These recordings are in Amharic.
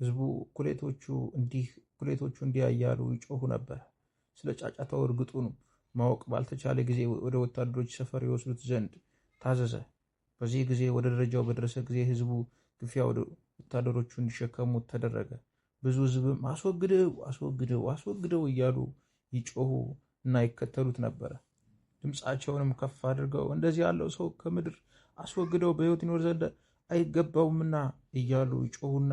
ህዝቡ ኩሌቶቹ እንዲህ ኩሌቶቹ እንዲያ እያሉ ይጮሁ ነበር። ስለ ጫጫታው እርግጡንም ማወቅ ባልተቻለ ጊዜ ወደ ወታደሮች ሰፈር ይወስዱት ዘንድ ታዘዘ። በዚህ ጊዜ ወደ ደረጃው በደረሰ ጊዜ ህዝቡ ግፊያ ወደ ወታደሮቹ እንዲሸከሙት ተደረገ። ብዙ ህዝብም አስወግደው አስወግደው አስወግደው እያሉ ይጮሁ እና ይከተሉት ነበረ። ድምፃቸውንም ከፍ አድርገው እንደዚህ ያለው ሰው ከምድር አስወግደው በህይወት ይኖር ዘንድ አይገባውምና እያሉ ይጮሁና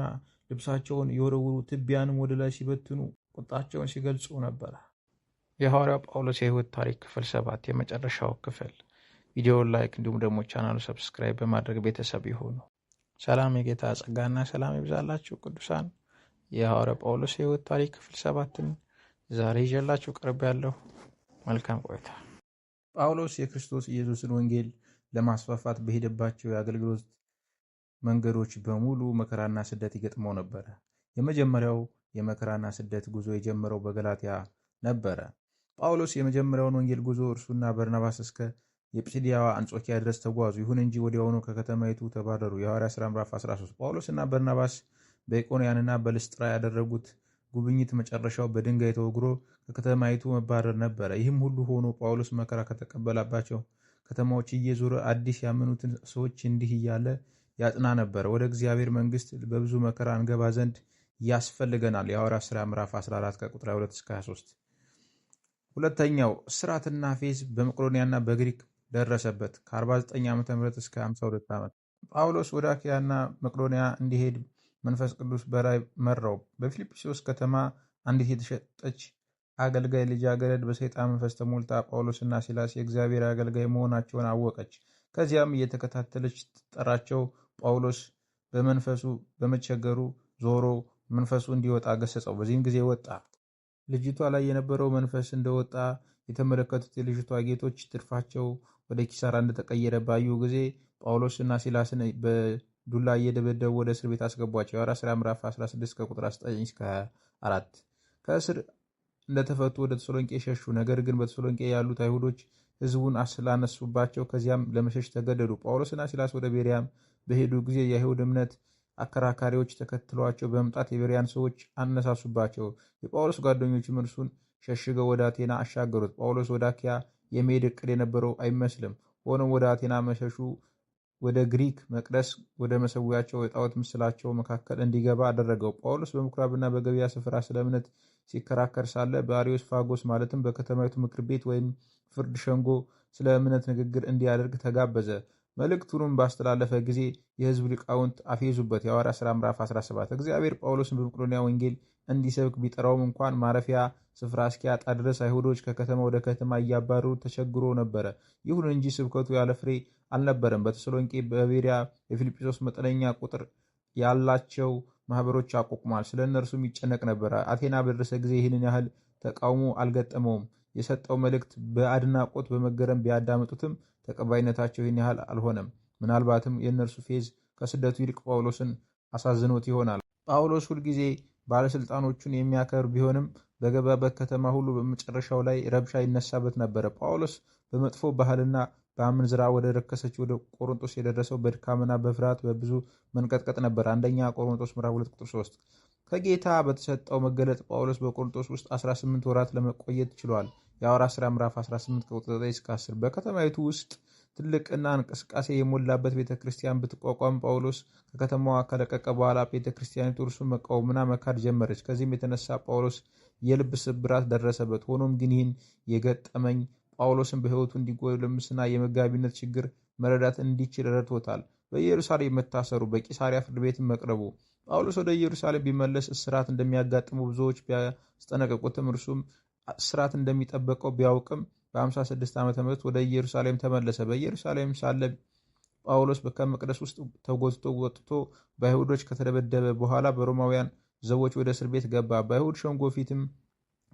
ልብሳቸውን የወረውሩ ትቢያንም ወደ ላይ ሲበትኑ ቁጣቸውን ሲገልጹ ነበረ። የሐዋርያው ጳውሎስ የህይወት ታሪክ ክፍል ሰባት የመጨረሻው ክፍል። ቪዲዮውን ላይክ እንዲሁም ደግሞ ቻናሉ ሰብስክራይብ በማድረግ ቤተሰብ ይሁኑ። ሰላም፣ የጌታ ጸጋና ሰላም ይብዛላችሁ ቅዱሳን። የሐዋርያው ጳውሎስ የህይወት ታሪክ ክፍል ሰባትን ዛሬ ይዤላችሁ ቀርብ ያለሁ። መልካም ቆይታ። ጳውሎስ የክርስቶስ ኢየሱስን ወንጌል ለማስፋፋት በሄደባቸው የአገልግሎት መንገዶች በሙሉ መከራና ስደት ይገጥመው ነበረ። የመጀመሪያው የመከራና ስደት ጉዞ የጀመረው በገላትያ ነበረ። ጳውሎስ የመጀመሪያውን ወንጌል ጉዞ እርሱና በርናባስ እስከ የጵስድያዋ አንጾኪያ ድረስ ተጓዙ። ይሁን እንጂ ወዲያውኑ ከከተማይቱ ተባረሩ። የሐዋርያ ሥራ ምዕራፍ 13 ጳውሎስና በርናባስ በኢቆንያንና በልስጥራ ያደረጉት ጉብኝት መጨረሻው በድንጋይ ተወግሮ ከከተማይቱ መባረር ነበረ። ይህም ሁሉ ሆኖ ጳውሎስ መከራ ከተቀበላባቸው ከተማዎች እየዞረ አዲስ ያመኑትን ሰዎች እንዲህ እያለ ያጥና ነበር። ወደ እግዚአብሔር መንግሥት በብዙ መከራ እንገባ ዘንድ ያስፈልገናል። የሐዋርያ ሥራ ምዕራፍ 14 ከቁጥር 2 እስከ 23። ሁለተኛው ስራትና ፌዝ በመቅዶንያና በግሪክ ደረሰበት። ከ49 ዓ ም እስከ 52 ዓመት ጳውሎስ ወደ አኪያና መቄዶንያ እንዲሄድ መንፈስ ቅዱስ በራይ መራው። በፊልጵስዩስ ከተማ አንዲት የተሸጠች አገልጋይ ልጃገረድ በሰይጣን መንፈስ ተሞልታ ጳውሎስና ሲላስ የእግዚአብሔር አገልጋይ መሆናቸውን አወቀች። ከዚያም እየተከታተለች ትጠራቸው ጳውሎስ በመንፈሱ በመቸገሩ ዞሮ መንፈሱ እንዲወጣ ገሰጸው። በዚህም ጊዜ ወጣ። ልጅቷ ላይ የነበረው መንፈስ እንደወጣ የተመለከቱት የልጅቷ ጌቶች ትርፋቸው ወደ ኪሳራ እንደተቀየረ ባዩ ጊዜ ጳውሎስ እና ሲላስን በዱላ እየደበደቡ ወደ እስር ቤት አስገቧቸው። የሐዋርያት ሥራ ምዕራፍ 16 ከቁጥር 19 እስከ 4 ከእስር እንደተፈቱ ወደ ተሰሎንቄ ሸሹ። ነገር ግን በተሰሎንቄ ያሉት አይሁዶች ሕዝቡን ስላነሱባቸው ከዚያም ለመሸሽ ተገደዱ። ጳውሎስና ሲላስ ወደ ቤርያም በሄዱ ጊዜ የአይሁድ እምነት አከራካሪዎች ተከትሏቸው በመምጣት የቤሪያን ሰዎች አነሳሱባቸው። የጳውሎስ ጓደኞችም እርሱን ሸሽገው ወደ አቴና አሻገሩት። ጳውሎስ ወደ አኪያ የመሄድ እቅድ የነበረው አይመስልም። ሆኖም ወደ አቴና መሸሹ ወደ ግሪክ መቅደስ ወደ መሰዊያቸው የጣዖት ምስላቸው መካከል እንዲገባ አደረገው። ጳውሎስ በምኩራብና በገበያ ስፍራ ስለ እምነት ሲከራከር ሳለ በአሪዮስ ፋጎስ ማለትም በከተማይቱ ምክር ቤት ወይም ፍርድ ሸንጎ ስለ እምነት ንግግር እንዲያደርግ ተጋበዘ። መልእክቱንም ባስተላለፈ ጊዜ የሕዝብ ሊቃውንት አፌዙበት። የሐዋርያ ሥራ ምዕራፍ 17 እግዚአብሔር ጳውሎስን በመቄዶንያ ወንጌል እንዲሰብክ ቢጠራውም እንኳን ማረፊያ ስፍራ እስኪያጣ ድረስ አይሁዶች ከከተማ ወደ ከተማ እያባረሩ ተቸግሮ ነበረ። ይሁን እንጂ ስብከቱ ያለ ፍሬ አልነበረም። በተሰሎንቄ፣ በቤሪያ፣ የፊልጵሶስ መጠነኛ ቁጥር ያላቸው ማህበሮች አቋቁሟል። ስለ እነርሱም ይጨነቅ ነበረ። አቴና በደረሰ ጊዜ ይህንን ያህል ተቃውሞ አልገጠመውም። የሰጠው መልእክት በአድናቆት በመገረም ቢያዳምጡትም ተቀባይነታቸው ይህን ያህል አልሆነም። ምናልባትም የእነርሱ ፌዝ ከስደቱ ይልቅ ጳውሎስን አሳዝኖት ይሆናል። ጳውሎስ ሁልጊዜ ባለስልጣኖቹን የሚያከብር ቢሆንም በገባበት ከተማ ሁሉ በመጨረሻው ላይ ረብሻ ይነሳበት ነበረ። ጳውሎስ በመጥፎ ባህልና በአመንዝራ ወደ ረከሰች ወደ ቆሮንጦስ የደረሰው በድካምና በፍርሃት በብዙ መንቀጥቀጥ ነበር። አንደኛ ቆሮንጦስ ምዕራፍ 2 ቁጥር 3። ከጌታ በተሰጠው መገለጥ ጳውሎስ በቆሮንጦስ ውስጥ 18 ወራት ለመቆየት ችሏል። የአዋራ ስራ ምዕራፍ 18 ቁጥር 9 እስከ 10 በከተማይቱ ውስጥ ትልቅና እንቅስቃሴ የሞላበት ቤተ ክርስቲያን ብትቋቋም ጳውሎስ ከከተማዋ ከለቀቀ በኋላ ቤተ ክርስቲያኒቱ እርሱን መቃወምና መካድ ጀመረች። ከዚህም የተነሳ ጳውሎስ የልብ ስብራት ደረሰበት። ሆኖም ግን ይህን የገጠመኝ ጳውሎስን በሕይወቱ እንዲጎለምስና የመጋቢነት ችግር መረዳት እንዲችል ረድቶታል። በኢየሩሳሌም መታሰሩ፣ በቂሳሪያ ፍርድ ቤት መቅረቡ ጳውሎስ ወደ ኢየሩሳሌም ቢመለስ እስራት እንደሚያጋጥሙ ብዙዎች ቢያስጠነቀቁትም እርሱም ስርዓት እንደሚጠበቀው ቢያውቅም በ56 ዓ ም ወደ ኢየሩሳሌም ተመለሰ። በኢየሩሳሌም ሳለ ጳውሎስ ከመቅደስ ውስጥ ተጎትቶ ወጥቶ በአይሁዶች ከተደበደበ በኋላ በሮማውያን ዘቦች ወደ እስር ቤት ገባ። በአይሁድ ሸንጎ ፊትም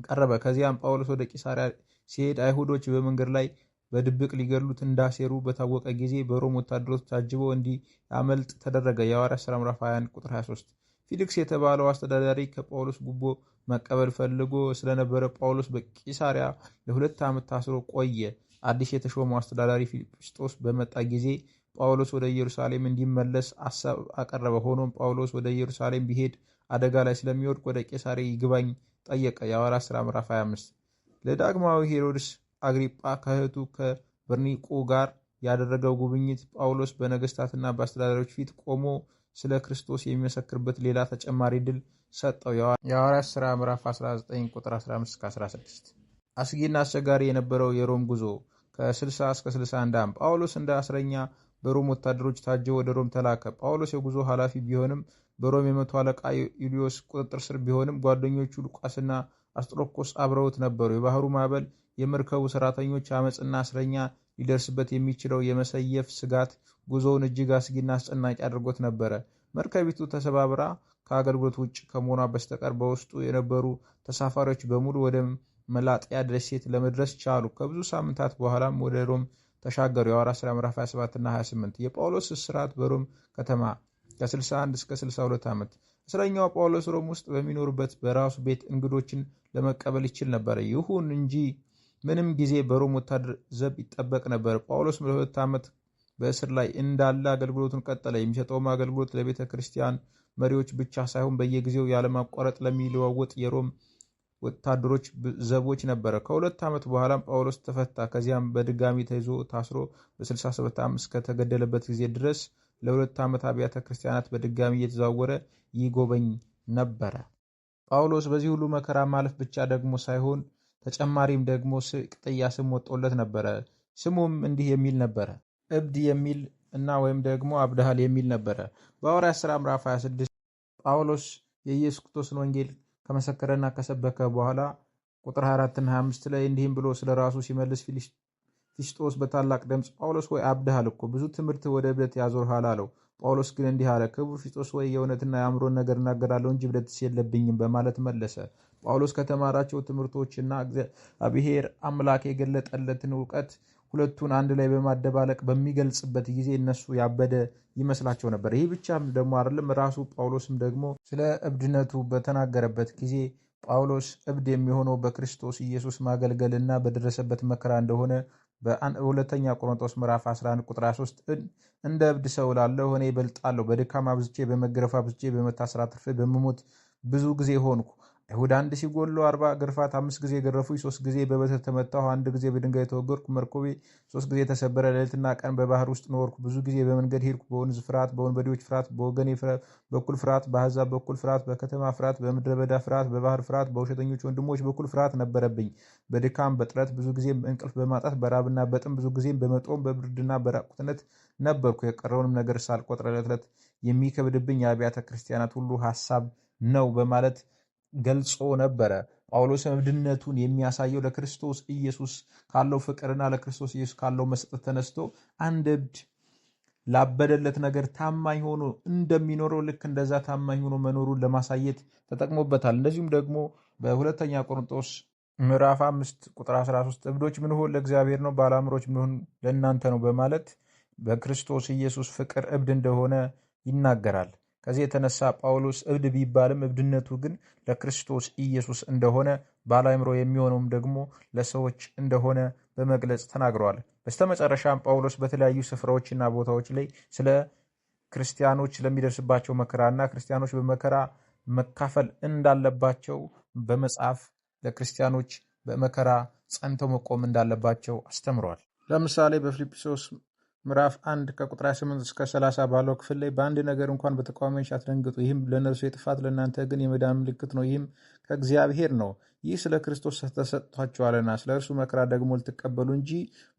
ቀረበ። ከዚያም ጳውሎስ ወደ ቂሳሪያ ሲሄድ አይሁዶች በመንገድ ላይ በድብቅ ሊገድሉት እንዳሴሩ በታወቀ ጊዜ በሮም ወታደሮች ታጅቦ እንዲያመልጥ ተደረገ። የሐዋርያት ሥራ ምዕራፍ 21 ቁጥር 23 ፊሊክስ የተባለው አስተዳዳሪ ከጳውሎስ ጉቦ መቀበል ፈልጎ ስለነበረ ጳውሎስ በቂሳሪያ ለሁለት ዓመት ታስሮ ቆየ። አዲስ የተሾመው አስተዳዳሪ ፊልጵስጦስ በመጣ ጊዜ ጳውሎስ ወደ ኢየሩሳሌም እንዲመለስ አሳብ አቀረበ። ሆኖም ጳውሎስ ወደ ኢየሩሳሌም ቢሄድ አደጋ ላይ ስለሚወድቅ ወደ ቄሳሪ ይግባኝ ጠየቀ። የሐዋርያት ሥራ ምዕራፍ 25 ለዳግማዊ ሄሮድስ አግሪጳ ከእህቱ ከበርኒቆ ጋር ያደረገው ጉብኝት ጳውሎስ በነገስታትና በአስተዳዳሪዎች ፊት ቆሞ ስለ ክርስቶስ የሚመሰክርበት ሌላ ተጨማሪ ድል ሰጠው። የሐዋርያት ሥራ ምዕራፍ 19 ቁጥር 15-16 አስጊና አስቸጋሪ የነበረው የሮም ጉዞ ከ60 እስከ 61 ዓም ጳውሎስ እንደ አስረኛ በሮም ወታደሮች ታጀ ወደ ሮም ተላከ። ጳውሎስ የጉዞ ኃላፊ ቢሆንም በሮም የመቶ አለቃ ዩልዮስ ቁጥጥር ስር ቢሆንም ጓደኞቹ ሉቃስና አስጥሮኮስ አብረውት ነበሩ። የባህሩ ማዕበል፣ የመርከቡ ሰራተኞች አመፅና አስረኛ ሊደርስበት የሚችለው የመሰየፍ ስጋት ጉዞውን እጅግ አስጊና አስጨናቂ አድርጎት ነበረ። መርከቢቱ ተሰባብራ ከአገልግሎት ውጭ ከመሆኗ በስተቀር በውስጡ የነበሩ ተሳፋሪዎች በሙሉ ወደ መላጥያ ደሴት ለመድረስ ቻሉ። ከብዙ ሳምንታት በኋላም ወደ ሮም ተሻገሩ። የሐዋርያት ሥራ ምዕራፍ 27ና 28 የጳውሎስ እስራት በሮም ከተማ ከ61 እስከ 62 ዓመት። እስረኛው ጳውሎስ ሮም ውስጥ በሚኖርበት በራሱ ቤት እንግዶችን ለመቀበል ይችል ነበር። ይሁን እንጂ ምንም ጊዜ በሮም ወታደር ዘብ ይጠበቅ ነበር። ጳውሎስ ለሁለት ዓመት በእስር ላይ እንዳለ አገልግሎቱን ቀጠለ። የሚሰጠውም አገልግሎት ለቤተ ክርስቲያን መሪዎች ብቻ ሳይሆን በየጊዜው ያለማቋረጥ ለሚለዋወጥ የሮም ወታደሮች ዘቦች ነበረ። ከሁለት ዓመት በኋላም ጳውሎስ ተፈታ። ከዚያም በድጋሚ ተይዞ ታስሮ በ67 ዓመት እስከተገደለበት ጊዜ ድረስ ለሁለት ዓመት አብያተ ክርስቲያናት በድጋሚ እየተዘዋወረ ይጎበኝ ነበረ። ጳውሎስ በዚህ ሁሉ መከራ ማለፍ ብቻ ደግሞ ሳይሆን ተጨማሪም ደግሞ ቅጥያ ስም ወጦለት ነበረ። ስሙም እንዲህ የሚል ነበረ፣ እብድ የሚል እና ወይም ደግሞ አብድሃል የሚል ነበረ። በሐዋርያት ሥራ ምዕራፍ 26 ጳውሎስ የኢየሱስ ክርስቶስን ወንጌል ከመሰከረና ከሰበከ በኋላ ቁጥር 24 25 ላይ እንዲህም ብሎ ስለ ራሱ ሲመልስ ፊስጦስ በታላቅ ድምፅ ጳውሎስ ወይ አብድሃል እኮ ብዙ ትምህርት ወደ እብደት ያዞርሃል አለው። ጳውሎስ ግን እንዲህ አለ፣ ክቡር ፊጦስ ወይ የእውነትና የአእምሮን ነገር እናገራለሁ እንጂ እብደትስ የለብኝም በማለት መለሰ። ጳውሎስ ከተማራቸው ትምህርቶችና እግዚአብሔር አምላክ የገለጠለትን እውቀት ሁለቱን አንድ ላይ በማደባለቅ በሚገልጽበት ጊዜ እነሱ ያበደ ይመስላቸው ነበር። ይህ ብቻም ደግሞ አይደለም። ራሱ ጳውሎስም ደግሞ ስለ እብድነቱ በተናገረበት ጊዜ ጳውሎስ እብድ የሚሆነው በክርስቶስ ኢየሱስ ማገልገልና በደረሰበት መከራ እንደሆነ በሁለተኛ ቆሮንቶስ ምዕራፍ 11 ቁጥር 3 እንደ እብድ ሰው እላለሁ እኔ ይበልጣለሁ፣ በድካም አብዝቼ፣ በመገረፍ አብዝቼ፣ በመታሰር አትርፌ፣ በመሞት ብዙ ጊዜ ሆንኩ። አይሁድ አንድ ሲጎሉ አርባ ግርፋት፣ አምስት ጊዜ የገረፉኝ፣ ሶስት ጊዜ በበትር ተመታሁ፣ አንድ ጊዜ በድንጋይ ተወገርኩ፣ መርኮቤ ሶስት ጊዜ ተሰበረ፣ ሌሊትና ቀን በባህር ውስጥ ኖርኩ፣ ብዙ ጊዜ በመንገድ ሄድኩ፣ በወንዝ ፍርሃት፣ በወንበዴዎች ፍርሃት፣ በወገኔ በኩል ፍርሃት፣ በአሕዛብ በኩል ፍርሃት፣ በከተማ ፍርሃት፣ በምድረ በዳ ፍርሃት፣ በባህር ፍርሃት፣ በውሸተኞች ወንድሞች በኩል ፍርሃት ነበረብኝ። በድካም በጥረት ብዙ ጊዜ እንቅልፍ በማጣት በራብና በጥም ብዙ ጊዜም በመጦም በብርድና በራቁትነት ነበርኩ። የቀረውንም ነገር ሳልቆጥር ዕለት ዕለት የሚከብድብኝ የአብያተ ክርስቲያናት ሁሉ ሀሳብ ነው በማለት ገልጾ ነበረ። ጳውሎስ እብድነቱን የሚያሳየው ለክርስቶስ ኢየሱስ ካለው ፍቅርና ለክርስቶስ ኢየሱስ ካለው መስጠት ተነስቶ አንድ እብድ ላበደለት ነገር ታማኝ ሆኖ እንደሚኖረው ልክ እንደዛ ታማኝ ሆኖ መኖሩን ለማሳየት ተጠቅሞበታል። እንደዚሁም ደግሞ በሁለተኛ ቆርንጦስ ምዕራፍ አምስት ቁጥር 13 እብዶች ምንሆን ለእግዚአብሔር ነው፣ ባለአምሮች ምንሆን ለእናንተ ነው በማለት በክርስቶስ ኢየሱስ ፍቅር እብድ እንደሆነ ይናገራል። ከዚህ የተነሳ ጳውሎስ እብድ ቢባልም እብድነቱ ግን ለክርስቶስ ኢየሱስ እንደሆነ ባላይምሮ የሚሆነውም ደግሞ ለሰዎች እንደሆነ በመግለጽ ተናግረዋል። በስተመጨረሻም ጳውሎስ በተለያዩ ስፍራዎችና ቦታዎች ላይ ስለ ክርስቲያኖች ስለሚደርስባቸው መከራና ክርስቲያኖች በመከራ መካፈል እንዳለባቸው በመጽሐፍ ለክርስቲያኖች በመከራ ጸንተው መቆም እንዳለባቸው አስተምሯል። ለምሳሌ በፊልጵሶስ ምዕራፍ አንድ ከቁጥር 28 እስከ 30 ባለው ክፍል ላይ በአንድ ነገር እንኳን በተቃዋሚዎች አትደንግጡ፣ ይህም ለእነርሱ የጥፋት ለእናንተ ግን የመዳን ምልክት ነው፣ ይህም ከእግዚአብሔር ነው። ይህ ስለ ክርስቶስ ተሰጥቷችኋልና፣ ስለ እርሱ መከራ ደግሞ ልትቀበሉ እንጂ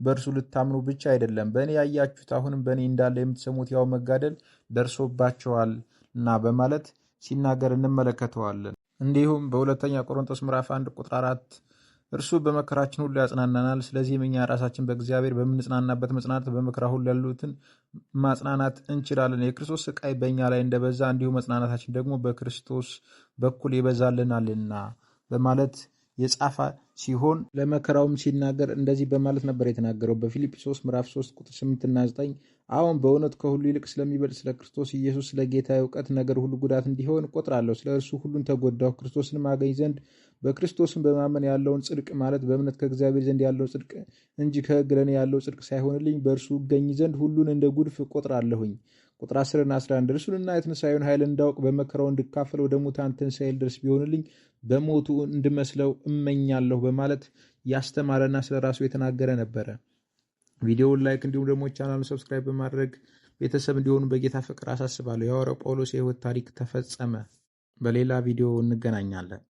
በእርሱ ልታምኑ ብቻ አይደለም። በእኔ ያያችሁት አሁንም በእኔ እንዳለ የምትሰሙት ያው መጋደል ደርሶባቸዋል እና በማለት ሲናገር እንመለከተዋለን። እንዲሁም በሁለተኛ ቆሮንቶስ ምዕራፍ 1 ቁጥር 4 እርሱ በመከራችን ሁሉ ያጽናናናል። ስለዚህም እኛ ራሳችን በእግዚአብሔር በምንጽናናበት መጽናናት በመከራ ሁሉ ያሉትን ማጽናናት እንችላለን። የክርስቶስ ስቃይ በእኛ ላይ እንደበዛ እንዲሁ መጽናናታችን ደግሞ በክርስቶስ በኩል ይበዛልናልና በማለት የጻፈ ሲሆን ለመከራውም ሲናገር እንደዚህ በማለት ነበር የተናገረው በፊልጵሶስ ምዕራፍ 3 ቁጥር 8 እና 9 አሁን በእውነት ከሁሉ ይልቅ ስለሚበልጥ ስለ ክርስቶስ ኢየሱስ ስለ ጌታ እውቀት ነገር ሁሉ ጉዳት እንዲሆን ቆጥራለሁ። ስለ እርሱ ሁሉን ተጎዳሁ፣ ክርስቶስን ማገኝ ዘንድ በክርስቶስን በማመን ያለውን ጽድቅ ማለት በእምነት ከእግዚአብሔር ዘንድ ያለው ጽድቅ እንጂ ከሕግ ለእኔ ያለው ጽድቅ ሳይሆንልኝ በእርሱ እገኝ ዘንድ ሁሉን እንደ ጉድፍ ቆጥራለሁኝ። ቁጥር 10 እና 11 እርሱንና የትንሣኤውን ኃይል እንዳውቅ በመከራው እንድካፈል ወደ ሙታን ትንሣኤ ልደርስ ቢሆንልኝ በሞቱ እንድመስለው እመኛለሁ በማለት ያስተማረና ስለ ራሱ የተናገረ ነበረ። ቪዲዮውን ላይክ እንዲሁም ደግሞ ቻናሉን ሰብስክራይብ በማድረግ ቤተሰብ እንዲሆኑ በጌታ ፍቅር አሳስባለሁ። የሐዋርያው ጳውሎስ የሕይወት ታሪክ ተፈጸመ። በሌላ ቪዲዮ እንገናኛለን።